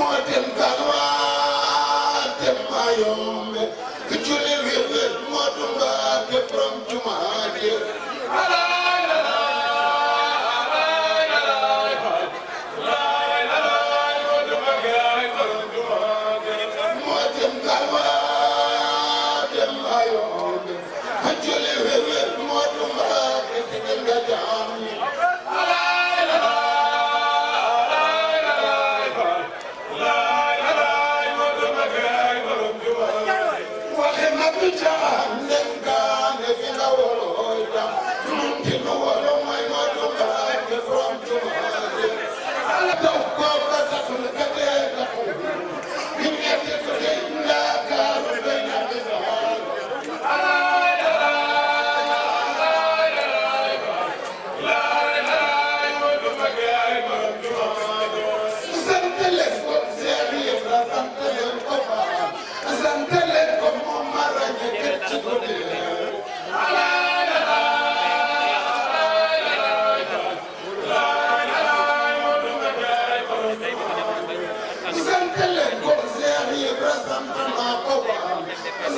moten galwa temma yombe you know what? santa naa ko ba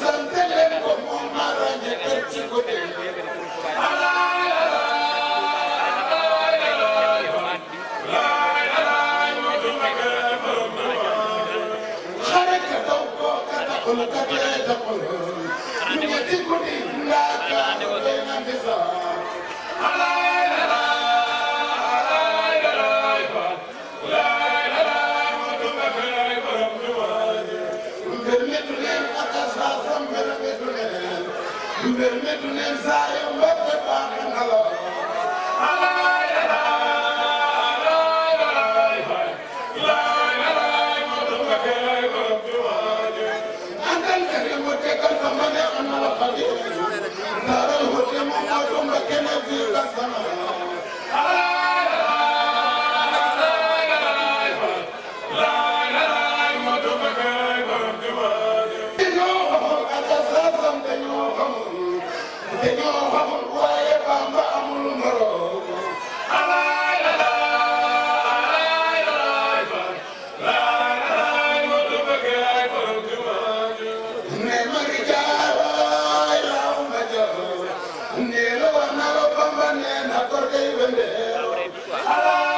sant leen ko moom maa ràññee kër ci ko dégg Ala permettre neen saa yoo mbëgg baax na la korkay wëndeel